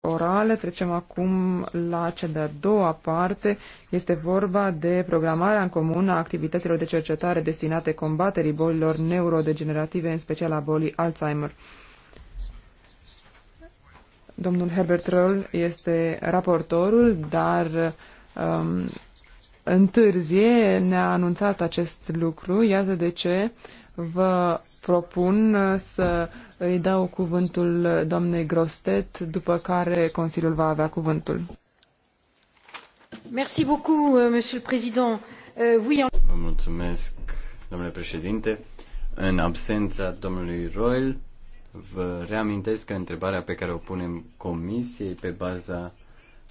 orale. Trecem acum la cea de-a doua parte. Este vorba de programarea în comun a activităților de cercetare destinate combaterii bolilor neurodegenerative, în special a bolii Alzheimer. Domnul Herbert Roll este raportorul, dar um, întârzie ne-a anunțat acest lucru. Iată de ce Vă propun uh, să îi dau cuvântul doamnei Grostet, după care Consiliul va avea cuvântul. Merci beaucoup, euh, Monsieur le Président. Euh, oui, Vă mulțumesc, domnule președinte. În absența domnului Royal, vă reamintesc că întrebarea pe care o punem comisiei pe baza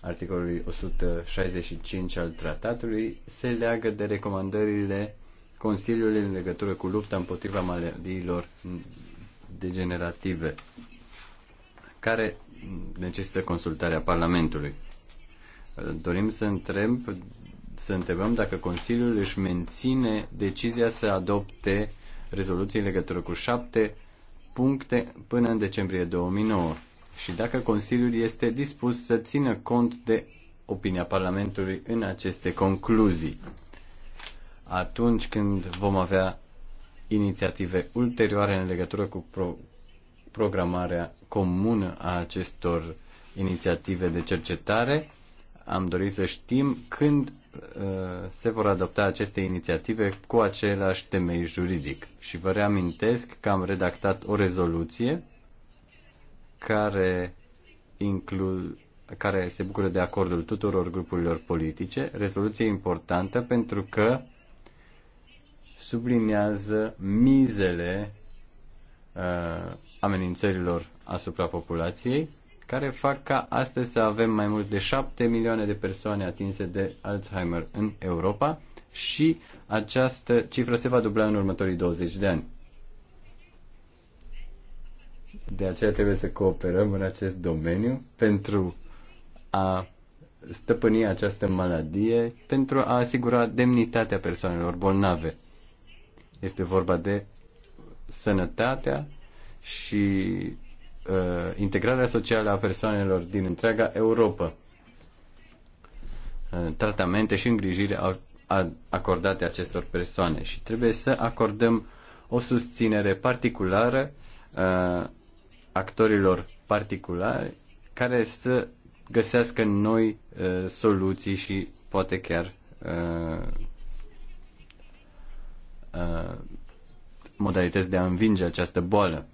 articolului 165 al tratatului se leagă de recomandările Consiliul în legătură cu lupta împotriva maladiilor degenerative, care necesită consultarea Parlamentului. Dorim să întreb, să întrebăm dacă Consiliul își menține decizia să adopte rezoluții în legătură cu șapte puncte până în decembrie 2009 și dacă Consiliul este dispus să țină cont de opinia Parlamentului în aceste concluzii atunci când vom avea inițiative ulterioare în legătură cu pro- programarea comună a acestor inițiative de cercetare. Am dorit să știm când uh, se vor adopta aceste inițiative cu același temei juridic. Și vă reamintesc că am redactat o rezoluție care, inclu- care se bucură de acordul tuturor grupurilor politice, rezoluție importantă pentru că subliniază mizele uh, amenințărilor asupra populației, care fac ca astăzi să avem mai mult de 7 milioane de persoane atinse de Alzheimer în Europa și această cifră se va dubla în următorii 20 de ani. De aceea trebuie să cooperăm în acest domeniu pentru a stăpâni această maladie, pentru a asigura demnitatea persoanelor bolnave. Este vorba de sănătatea și uh, integrarea socială a persoanelor din întreaga Europa. Uh, tratamente și îngrijire acordate acestor persoane și trebuie să acordăm o susținere particulară uh, actorilor particulari care să găsească noi uh, soluții și poate chiar uh, Uh, modalități de a învinge această boală.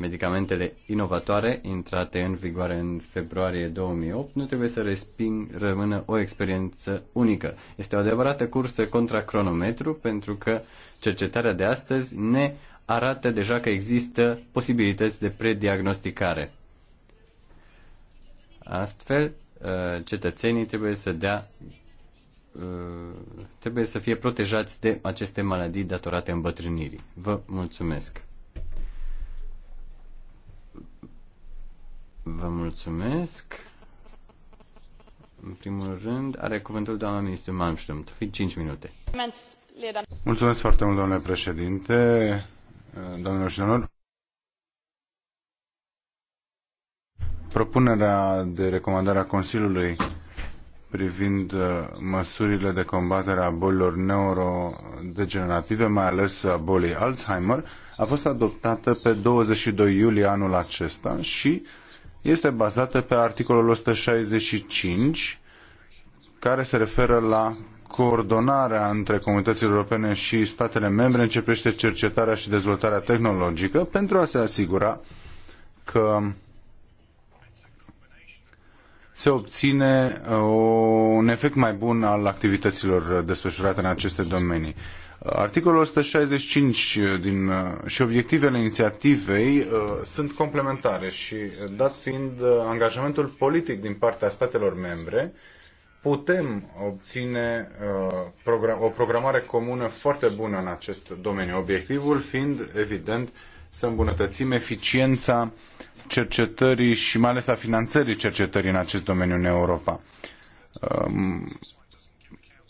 Medicamentele inovatoare intrate în vigoare în februarie 2008 nu trebuie să resping, rămână o experiență unică. Este o adevărată cursă contra cronometru pentru că cercetarea de astăzi ne arată deja că există posibilități de prediagnosticare. Astfel, uh, cetățenii trebuie să dea Uh, trebuie să fie protejați de aceste maladii datorate îmbătrânirii. Vă mulțumesc! Vă mulțumesc! În primul rând, are cuvântul doamna ministru Malmström. fii 5 minute. Mulțumesc foarte mult, domnule președinte, domnilor și domnilor. Propunerea de recomandare a Consiliului privind uh, măsurile de combatere a bolilor neurodegenerative, mai ales a bolii Alzheimer, a fost adoptată pe 22 iulie anul acesta și este bazată pe articolul 165 care se referă la coordonarea între comunitățile europene și statele membre în ce privește cercetarea și dezvoltarea tehnologică pentru a se asigura că se obține uh, un efect mai bun al activităților desfășurate în aceste domenii. Articolul 165 din, uh, și obiectivele inițiativei uh, sunt complementare și dat fiind angajamentul politic din partea statelor membre, putem obține o programare comună foarte bună în acest domeniu, obiectivul fiind, evident, să îmbunătățim eficiența cercetării și mai ales a finanțării cercetării în acest domeniu în Europa. Um,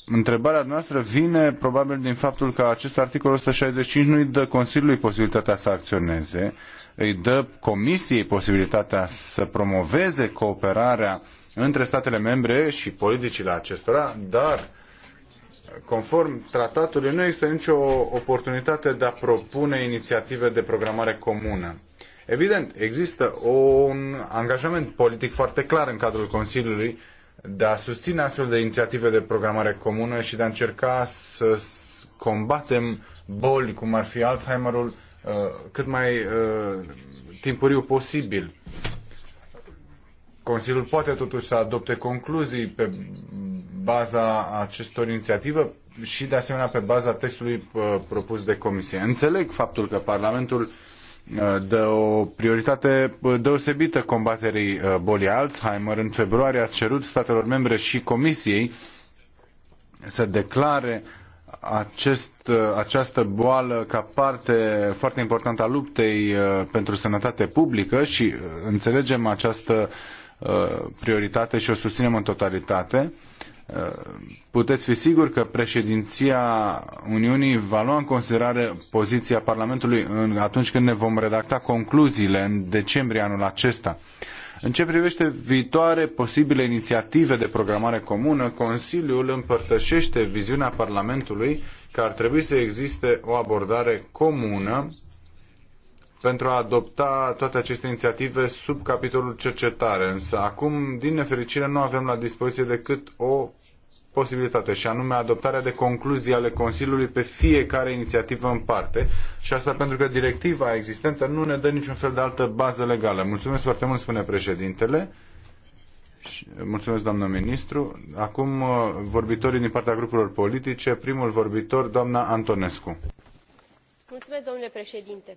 întrebarea noastră vine probabil din faptul că acest articol 165 nu îi dă Consiliului posibilitatea să acționeze, îi dă Comisiei posibilitatea să promoveze cooperarea între statele membre și politicile acestora, dar Conform tratatului, nu există nicio oportunitate de a propune inițiative de programare comună. Evident, există un angajament politic foarte clar în cadrul Consiliului de a susține astfel de inițiative de programare comună și de a încerca să combatem boli, cum ar fi Alzheimerul, uh, cât mai uh, timpuriu posibil. Consiliul poate totuși să adopte concluzii pe baza acestor inițiative și, de asemenea, pe baza textului uh, propus de Comisie. Înțeleg faptul că Parlamentul uh, dă o prioritate uh, deosebită combaterii bolii Alzheimer. În februarie a cerut statelor membre și Comisiei să declare acest, această boală ca parte foarte importantă a luptei pentru sănătate publică și înțelegem această prioritate și o susținem în totalitate puteți fi sigur că președinția Uniunii va lua în considerare poziția Parlamentului atunci când ne vom redacta concluziile în decembrie anul acesta. În ce privește viitoare posibile inițiative de programare comună, Consiliul împărtășește viziunea Parlamentului că ar trebui să existe o abordare comună pentru a adopta toate aceste inițiative sub capitolul cercetare. Însă acum, din nefericire, nu avem la dispoziție decât o posibilitate și anume adoptarea de concluzii ale Consiliului pe fiecare inițiativă în parte și asta pentru că directiva existentă nu ne dă niciun fel de altă bază legală. Mulțumesc foarte mult, spune președintele. Mulțumesc, doamnă ministru. Acum uh, vorbitorii din partea grupurilor politice. Primul vorbitor, doamna Antonescu. Mulțumesc, domnule președinte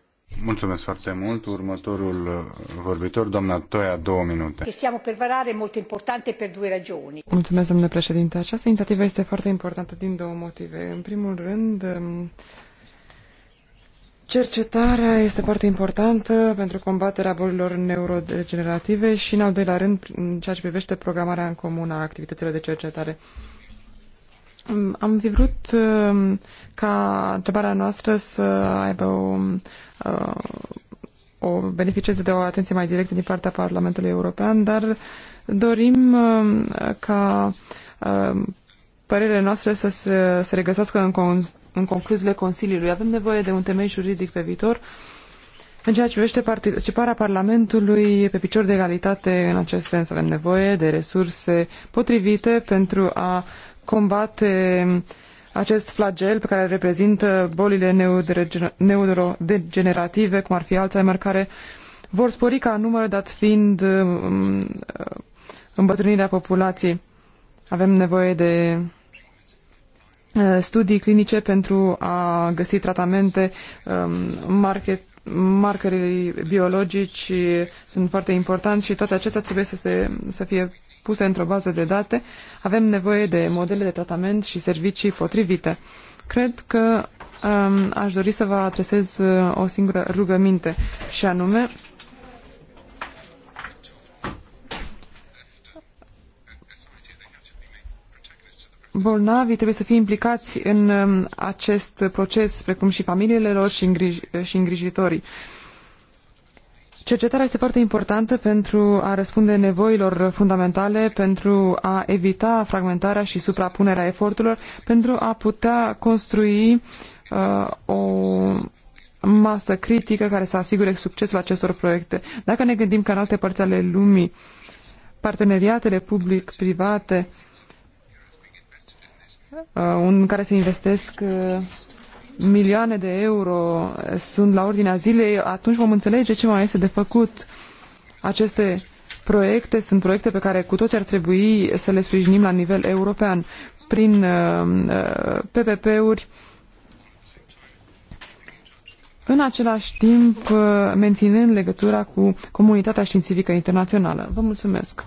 Mulțumesc foarte mult. Următorul uh, vorbitor, doamna Toia, două minute. Stiamo per varare molto importante per due ragioni. Mulțumesc, domnule președinte. Această inițiativă este foarte importantă din două motive. În primul rând, um, Cercetarea este foarte importantă pentru combaterea bolilor neurodegenerative și, în al doilea rând, în ceea ce privește programarea în comun a activităților de cercetare. Mm, am fi vrut um, ca întrebarea noastră să aibă o, uh, o beneficieze de o atenție mai directă din partea Parlamentului European, dar dorim um, ca um, părerile noastre să se, se regăsească în, con, în concluziile Consiliului. Avem nevoie de un temei juridic pe viitor în ceea ce privește participarea Parlamentului pe picior de egalitate, în acest sens avem nevoie de resurse potrivite pentru a combate acest flagel pe care reprezintă bolile neurodegenerative, cum ar fi Alzheimer, care vor spori ca număr dat fiind um, îmbătrânirea populației. Avem nevoie de uh, studii clinice pentru a găsi tratamente, um, market, markerii biologici uh, sunt foarte importanți și toate acestea trebuie să, se, să fie puse într-o bază de date, avem nevoie de modele de tratament și servicii potrivite. Cred că um, aș dori să vă adresez uh, o singură rugăminte și anume bolnavii trebuie să fie implicați în um, acest proces, precum și familiile lor și, îngrij- și îngrijitorii. Uh, Cercetarea este foarte importantă pentru a răspunde nevoilor fundamentale, pentru a evita fragmentarea și suprapunerea eforturilor, pentru a putea construi uh, o masă critică care să asigure succesul acestor proiecte. Dacă ne gândim că în alte părți ale lumii parteneriatele public-private uh, în care se investesc uh, milioane de euro sunt la ordinea zilei, atunci vom înțelege ce mai este de făcut. Aceste proiecte sunt proiecte pe care cu toți ar trebui să le sprijinim la nivel european prin uh, uh, PPP-uri. În același timp, uh, menținând legătura cu comunitatea științifică internațională. Vă mulțumesc!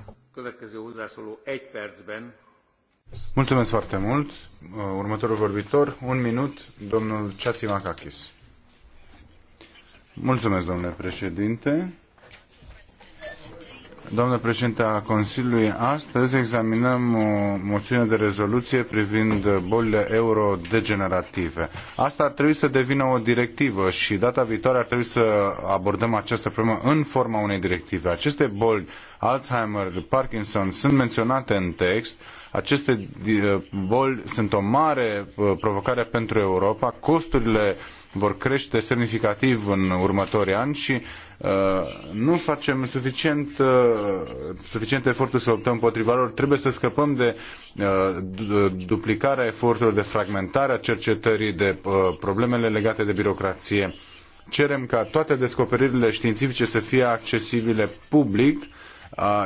Mulțumesc foarte mult. Uh, următorul vorbitor, un minut, domnul Macachis. Mulțumesc, domnule președinte. Domnule președinte a Consiliului, astăzi examinăm o moțiune de rezoluție privind bolile eurodegenerative. Asta ar trebui să devină o directivă și data viitoare ar trebui să abordăm această problemă în forma unei directive. Aceste boli, Alzheimer, Parkinson, sunt menționate în text aceste uh, boli sunt o mare uh, provocare pentru Europa. Costurile vor crește semnificativ în următorii ani și uh, nu facem suficient, uh, suficient efortul să luptăm împotriva lor. Trebuie să scăpăm de duplicarea eforturilor, de fragmentarea cercetării, de problemele legate de birocrație. Cerem ca toate descoperirile științifice să fie accesibile public uh,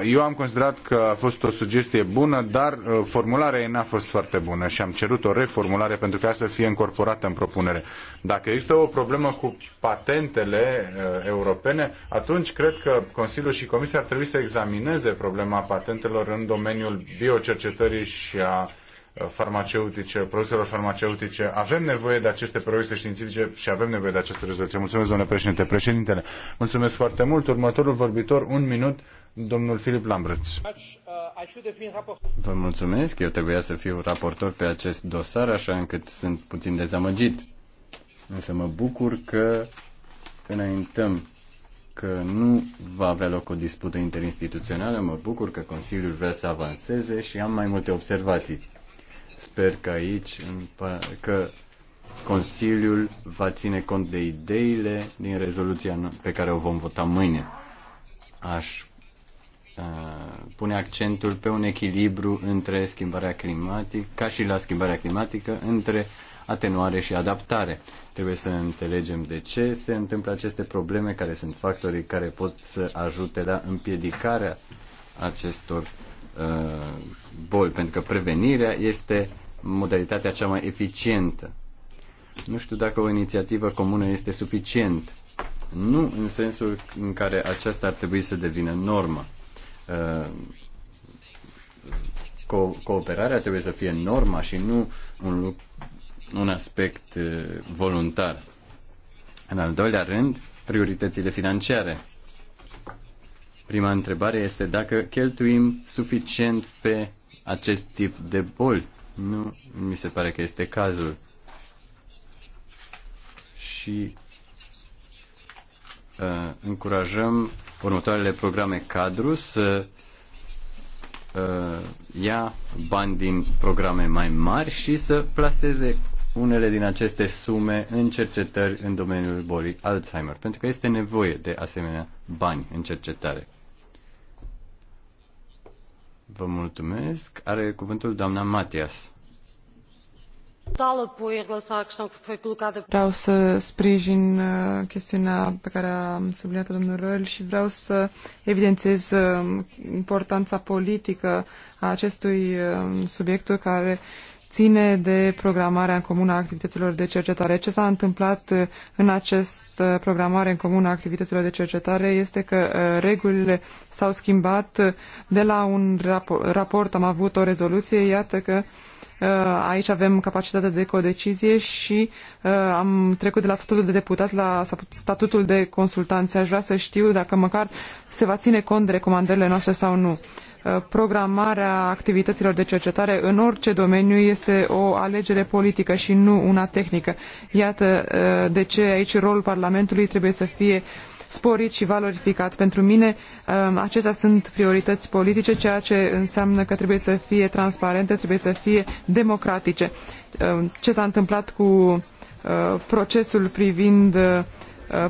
eu am considerat că a fost o sugestie bună, dar uh, formularea ei n-a fost foarte bună și am cerut o reformulare pentru ca să fie incorporată în propunere. Dacă există o problemă cu patentele uh, europene, atunci cred că Consiliul și Comisia ar trebui să examineze problema patentelor în domeniul biocercetării și a farmaceutice, produselor farmaceutice. Avem nevoie de aceste progrese științifice și avem nevoie de aceste rezoluție. Mulțumesc, domnule președinte. Președintele, mulțumesc foarte mult. Următorul vorbitor, un minut, domnul Filip Lambreț. Vă mulțumesc. Eu trebuia să fiu raportor pe acest dosar, așa încât sunt puțin dezamăgit. Însă mă bucur că înaintăm că nu va avea loc o dispută interinstituțională. Mă bucur că Consiliul vrea să avanseze și am mai multe observații. Sper că aici, că Consiliul va ține cont de ideile din rezoluția pe care o vom vota mâine. Aș uh, pune accentul pe un echilibru între schimbarea climatică, ca și la schimbarea climatică, între atenuare și adaptare. Trebuie să înțelegem de ce se întâmplă aceste probleme, care sunt factorii care pot să ajute la împiedicarea acestor uh, boli, pentru că prevenirea este modalitatea cea mai eficientă. Nu știu dacă o inițiativă comună este suficient. Nu în sensul în care aceasta ar trebui să devină normă. Uh, co- cooperarea trebuie să fie norma și nu un, un aspect uh, voluntar. În al doilea rând, prioritățile financiare. Prima întrebare este dacă cheltuim suficient pe acest tip de boli. Nu mi se pare că este cazul. Și uh, încurajăm următoarele programe cadru să uh, ia bani din programe mai mari și să plaseze unele din aceste sume în cercetări în domeniul bolii Alzheimer, pentru că este nevoie de asemenea bani în cercetare. Vă mulțumesc. Are cuvântul doamna Matias. Vreau să sprijin uh, chestiunea pe care a subliniat-o domnul Răl și vreau să evidențiez uh, importanța politică a acestui uh, subiect care ține de programarea în comună a activităților de cercetare. Ce s-a întâmplat uh, în această uh, programare în comună a activităților de cercetare este că uh, regulile s-au schimbat de la un raport, am avut o rezoluție, iată că Uh, aici avem capacitatea de codecizie și uh, am trecut de la statutul de deputați la statutul de consultanți. Aș vrea să știu dacă măcar se va ține cont de recomandările noastre sau nu uh, programarea activităților de cercetare în orice domeniu este o alegere politică și nu una tehnică. Iată de ce aici rolul Parlamentului trebuie să fie uh, sporit și valorificat. Pentru mine um, acestea sunt priorități politice, ceea ce înseamnă că trebuie să fie transparente, trebuie să fie democratice. Um, ce s-a întâmplat cu uh, procesul privind uh,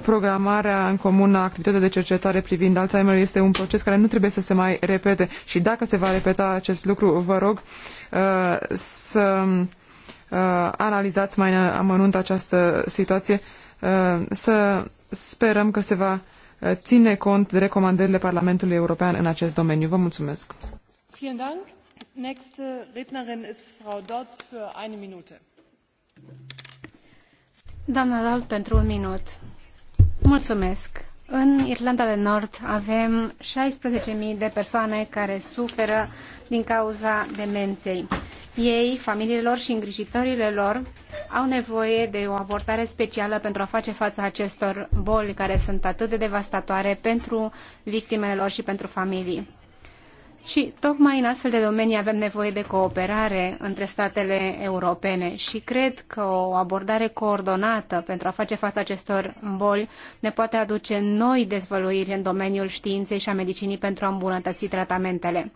programarea în comun a de cercetare privind Alzheimer este un proces care nu trebuie să se mai repete și dacă se va repeta acest lucru, vă rog uh, să analizați mai în amănunt această situație, să Sperăm că se va eh, ține cont de recomandările Parlamentului European în acest domeniu. Vă mulțumesc. Eh, Doamna pentru un minut. Mulțumesc. În Irlanda de Nord avem 16.000 de persoane care suferă din cauza demenței. Ei, familiile lor și îngrijitorile lor au nevoie de o abordare specială pentru a face față acestor boli care sunt atât de devastatoare pentru victimele lor și pentru familii. Și tocmai în astfel de domenii avem nevoie de cooperare între statele europene și cred că o abordare coordonată pentru a face față acestor boli ne poate aduce noi dezvăluiri în domeniul științei și a medicinii pentru a îmbunătăți tratamentele.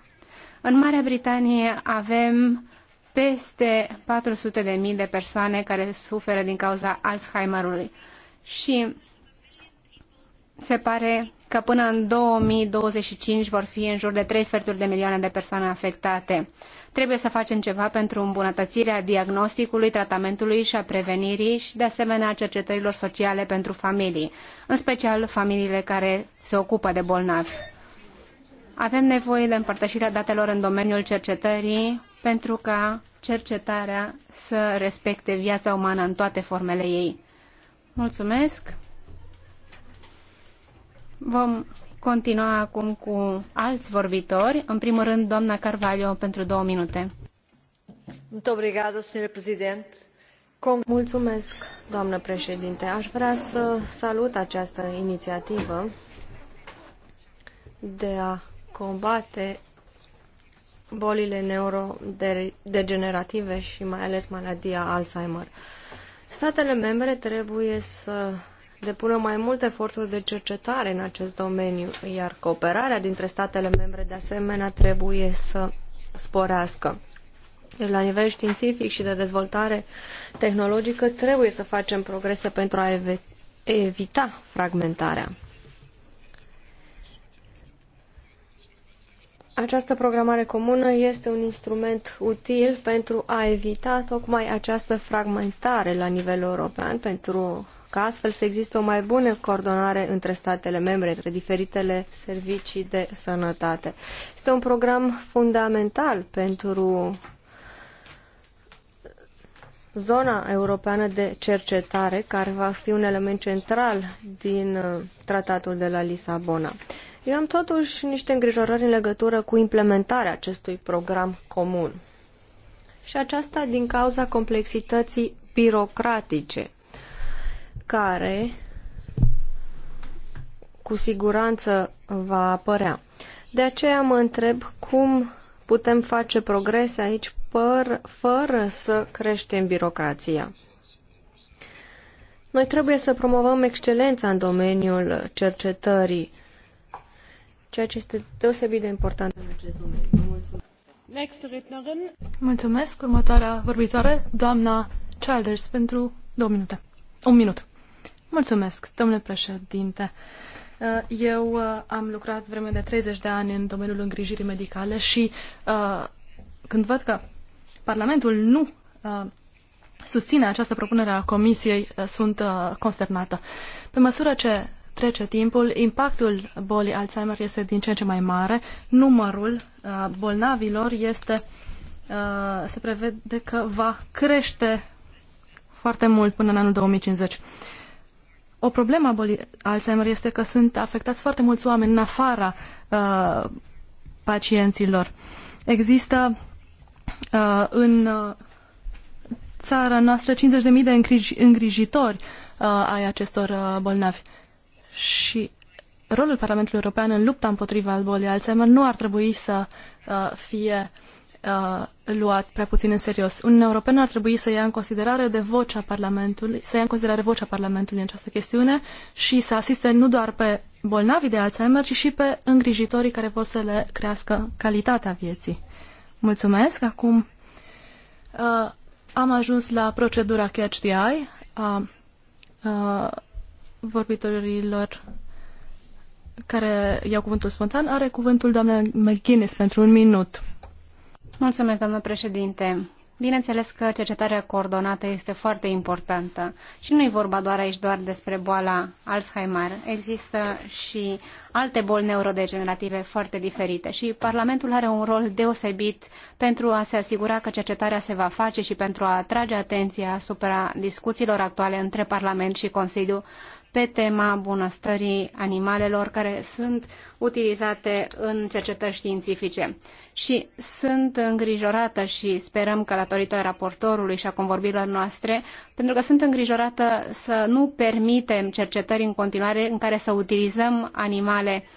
În Marea Britanie avem peste 400.000 de, de persoane care suferă din cauza Alzheimerului. Și se pare că până în 2025 vor fi în jur de 3 sferturi de milioane de persoane afectate. Trebuie să facem ceva pentru îmbunătățirea diagnosticului, tratamentului și a prevenirii și de asemenea a cercetărilor sociale pentru familii, în special familiile care se ocupă de bolnavi. Avem nevoie de împărtășirea datelor în domeniul cercetării pentru ca cercetarea să respecte viața umană în toate formele ei. Mulțumesc! Vom continua acum cu alți vorbitori. În primul rând, doamna Carvalho, pentru două minute. Mulțumesc, doamnă președinte. Aș vrea să salut această inițiativă de a combate bolile neurodegenerative și mai ales maladia Alzheimer. Statele membre trebuie să depună mai multe eforturi de cercetare în acest domeniu, iar cooperarea dintre statele membre de asemenea trebuie să sporească. Deci, la nivel științific și de dezvoltare tehnologică, trebuie să facem progrese pentru a evita fragmentarea. Această programare comună este un instrument util pentru a evita tocmai această fragmentare la nivel european, pentru ca astfel să existe o mai bună coordonare între statele membre, între diferitele servicii de sănătate. Este un program fundamental pentru zona europeană de cercetare, care va fi un element central din uh, tratatul de la Lisabona. Eu am totuși niște îngrijorări în legătură cu implementarea acestui program comun. Și aceasta din cauza complexității birocratice, care cu siguranță va apărea. De aceea mă întreb cum putem face progrese aici păr, fără să creștem birocrația. Noi trebuie să promovăm excelența în domeniul cercetării ceea ce este deosebit de important în acest domeniu. Mulțumesc. Next rednerin. Mulțumesc. Următoarea vorbitoare, doamna Childers, pentru două minute. Un minut. Mulțumesc, domnule președinte. Uh, eu uh, am lucrat vreme de 30 de ani în domeniul îngrijirii medicale și uh, când văd că Parlamentul nu susține această propunere a Comisiei, sunt consternată. Pe măsură ce trece timpul, impactul bolii Alzheimer este din ce în ce mai mare, numărul uh, bolnavilor este, uh, se prevede că va crește foarte mult până în anul 2050. O problemă a bolii Alzheimer este că sunt afectați foarte mulți oameni în afara uh, pacienților. Există uh, în uh, țara noastră 50.000 de îngrijitori uh, ai acestor uh, bolnavi și rolul Parlamentului European în lupta împotriva bolii Alzheimer nu ar trebui să uh, fie uh, luat prea puțin în serios. Uniunea Europeană ar trebui să ia în considerare de vocea Parlamentului, să ia în considerare vocea Parlamentului în această chestiune și să asiste nu doar pe bolnavii de Alzheimer, ci și pe îngrijitorii care vor să le crească calitatea vieții. Mulțumesc. Acum uh, am ajuns la procedura Catch the Eye. Uh, uh, vorbitorilor care iau cuvântul spontan. Are cuvântul doamna McGuinness pentru un minut. Mulțumesc, doamnă președinte. Bineînțeles că cercetarea coordonată este foarte importantă și nu e vorba doar aici doar despre boala Alzheimer. Există și alte boli neurodegenerative foarte diferite și Parlamentul are un rol deosebit pentru a se asigura că cercetarea se va face și pentru a atrage atenția asupra discuțiilor actuale între Parlament și Consiliu pe tema bunăstării animalelor care sunt utilizate în cercetări științifice. Și sunt îngrijorată și sperăm că datorită raportorului și a convorbirilor noastre, pentru că sunt îngrijorată să nu permitem cercetări în continuare în care să utilizăm animale uh,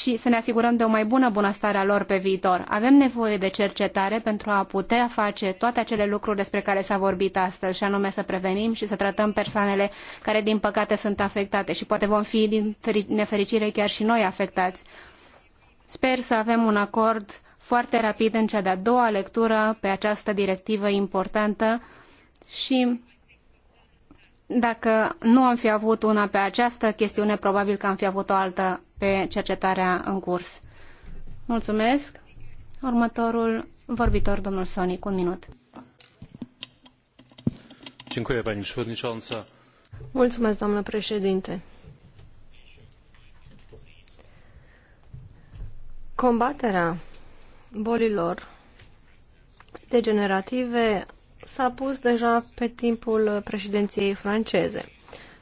și să ne asigurăm de o mai bună bunăstare a lor pe viitor. Avem nevoie de cercetare pentru a putea face toate acele lucruri despre care s-a vorbit astăzi, și anume să prevenim și să tratăm persoanele care, din păcate, sunt afectate și poate vom fi, din nefericire, chiar și noi afectați. Sper să avem un acord foarte rapid în cea de-a doua lectură pe această directivă importantă și dacă nu am fi avut una pe această chestiune, probabil că am fi avut o altă pe cercetarea în curs. Mulțumesc. Următorul vorbitor, domnul Sonic, un minut. Mulțumesc, doamnă președinte. Combaterea bolilor degenerative s-a pus deja pe timpul președinției franceze,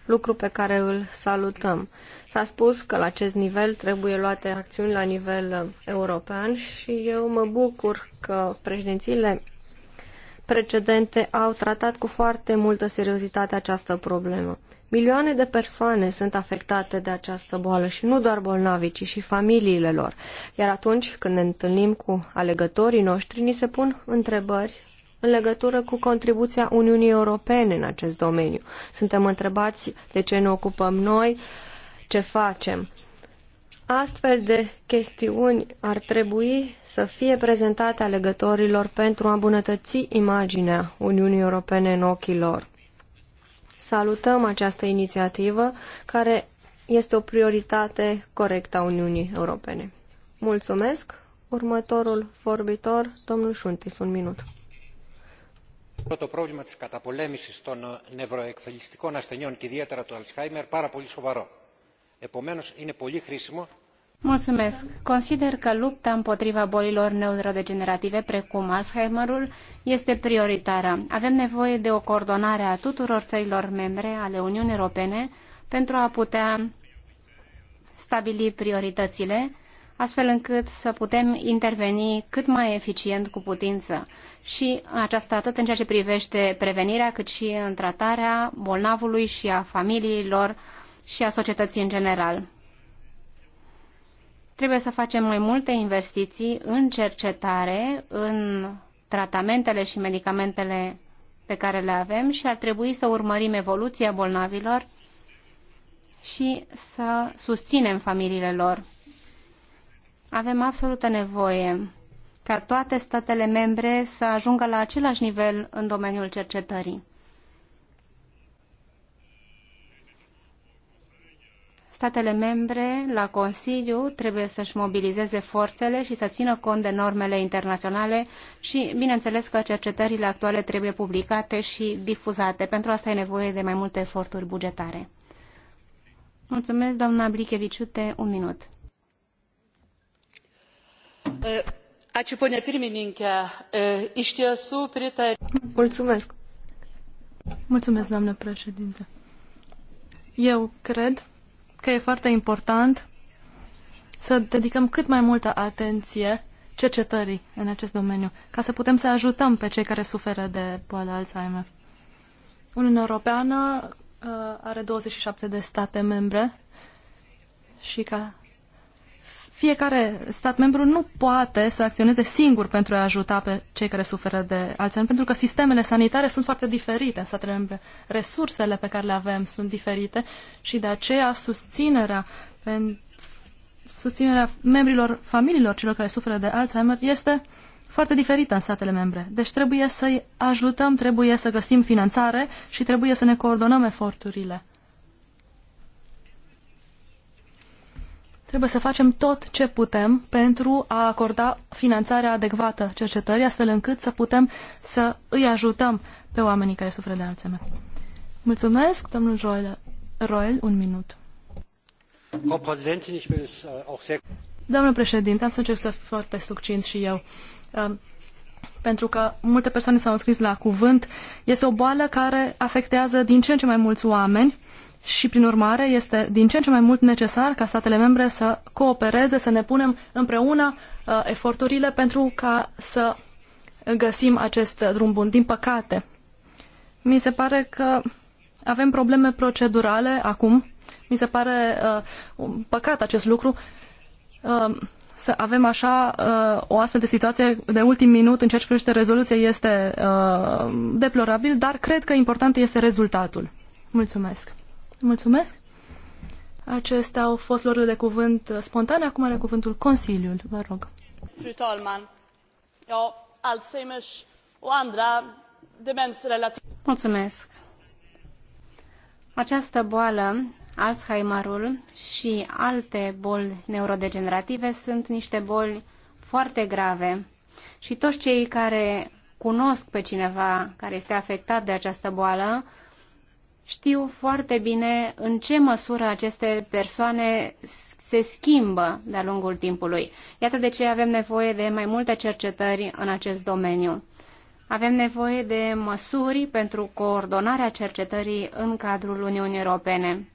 lucru pe care îl salutăm. S-a spus că la acest nivel trebuie luate acțiuni la nivel european și eu mă bucur că președințiile precedente au tratat cu foarte multă seriozitate această problemă. Milioane de persoane sunt afectate de această boală și nu doar bolnavii, ci și familiile lor. Iar atunci când ne întâlnim cu alegătorii noștri, ni se pun întrebări în legătură cu contribuția Uniunii Europene în acest domeniu. Suntem întrebați de ce ne ocupăm noi, ce facem. Astfel de chestiuni ar trebui să fie prezentate alegătorilor pentru a îmbunătăți imaginea Uniunii Europene în ochii lor. Salutăm această inițiativă care este o prioritate corectă a Uniunii Europene. Mulțumesc! Următorul vorbitor, domnul Șuntis, un minut. Το πρόβλημα της καταπολέμησης των νευροεκφελιστικών ασθενειών και ιδιαίτερα του Αλσχάιμερ πάρα πολύ σοβαρό. Επομένως, είναι πολύ χρήσιμο Mulțumesc. Consider că lupta împotriva bolilor neurodegenerative, precum Alzheimerul, este prioritară. Avem nevoie de o coordonare a tuturor țărilor membre ale Uniunii Europene pentru a putea stabili prioritățile astfel încât să putem interveni cât mai eficient cu putință. Și aceasta atât în ceea ce privește prevenirea, cât și în tratarea bolnavului și a familiilor și a societății în general. Trebuie să facem mai multe investiții în cercetare, în tratamentele și medicamentele pe care le avem și ar trebui să urmărim evoluția bolnavilor și să susținem familiile lor. Avem absolută nevoie ca toate statele membre să ajungă la același nivel în domeniul cercetării. Statele membre la Consiliu trebuie să-și mobilizeze forțele și să țină cont de normele internaționale și, bineînțeles, că cercetările actuale trebuie publicate și difuzate. Pentru asta e nevoie de mai multe eforturi bugetare. Mulțumesc, doamna Blicheviciute, un minut. Eu cred că e foarte important să dedicăm cât mai multă atenție cercetării în acest domeniu, ca să putem să ajutăm pe cei care suferă de boala Alzheimer. Uniunea Europeană uh, are 27 de state membre și ca fiecare stat membru nu poate să acționeze singur pentru a ajuta pe cei care suferă de Alzheimer, pentru că sistemele sanitare sunt foarte diferite în statele membre. Resursele pe care le avem sunt diferite și de aceea susținerea susținerea membrilor familiilor celor care suferă de Alzheimer este foarte diferită în statele membre. Deci trebuie să-i ajutăm, trebuie să găsim finanțare și trebuie să ne coordonăm eforturile. Trebuie să facem tot ce putem pentru a acorda finanțarea adecvată cercetării, astfel încât să putem să îi ajutăm pe oamenii care suferă de Alzheimer. Mulțumesc, domnul Roel. Roel, un minut. Äh, domnul președinte, am să încerc să fiu foarte succint și eu. Um, pentru că multe persoane s-au înscris la cuvânt. Este o boală care afectează din ce în ce mai mulți oameni și, prin urmare, este din ce în ce mai mult necesar ca statele membre să coopereze, să ne punem împreună uh, eforturile pentru ca să găsim acest drum bun. Din păcate, mi se pare că avem probleme procedurale acum. Mi se pare uh, un păcat acest lucru. Uh, să avem așa uh, o astfel de situație de ultim minut în ceea ce privește rezoluție este uh, deplorabil, dar cred că important este rezultatul. Mulțumesc. Mulțumesc. Acestea au fost lorile de cuvânt uh, spontane. Acum are cuvântul Consiliul. Vă rog. Fru talman, ja, Alzheimer's o andra relativ. Mulțumesc. Această boală, Alzheimerul și alte boli neurodegenerative sunt niște boli foarte grave și toți cei care cunosc pe cineva care este afectat de această boală știu foarte bine în ce măsură aceste persoane se schimbă de-a lungul timpului. Iată de ce avem nevoie de mai multe cercetări în acest domeniu. Avem nevoie de măsuri pentru coordonarea cercetării în cadrul Uniunii Europene.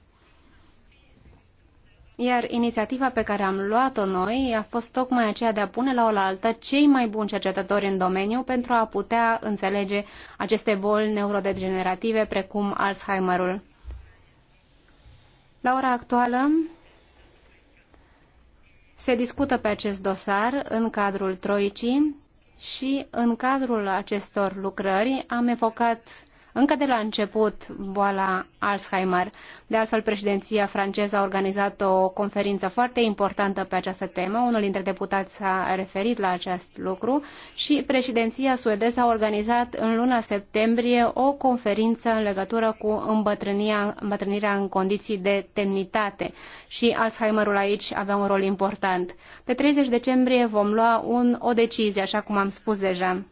Iar inițiativa pe care am luat-o noi a fost tocmai aceea de a pune la oaltă cei mai buni cercetători în domeniu pentru a putea înțelege aceste boli neurodegenerative precum Alzheimerul. La ora actuală se discută pe acest dosar în cadrul Troicii și în cadrul acestor lucrări am evocat încă de la început boala Alzheimer. De altfel, președinția franceză a organizat o conferință foarte importantă pe această temă. Unul dintre deputați s-a referit la acest lucru și președinția suedeză a organizat în luna septembrie o conferință în legătură cu îmbătrânirea în condiții de temnitate și Alzheimerul aici avea un rol important. Pe 30 decembrie vom lua un, o decizie, așa cum am spus deja.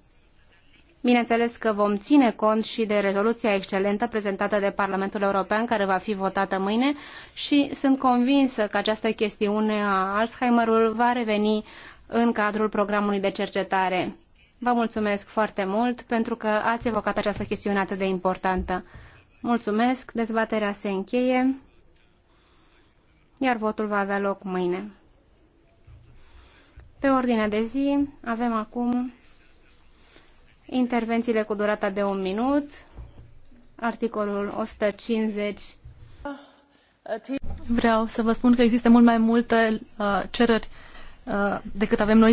Bineînțeles că vom ține cont și de rezoluția excelentă prezentată de Parlamentul European, care va fi votată mâine și sunt convinsă că această chestiune a Alzheimerului va reveni în cadrul programului de cercetare. Vă mulțumesc foarte mult pentru că ați evocat această chestiune atât de importantă. Mulțumesc, dezbaterea se încheie, iar votul va avea loc mâine. Pe ordinea de zi avem acum intervențiile cu durata de un minut, articolul 150. Vreau să vă spun că există mult mai multe uh, cereri uh, decât avem noi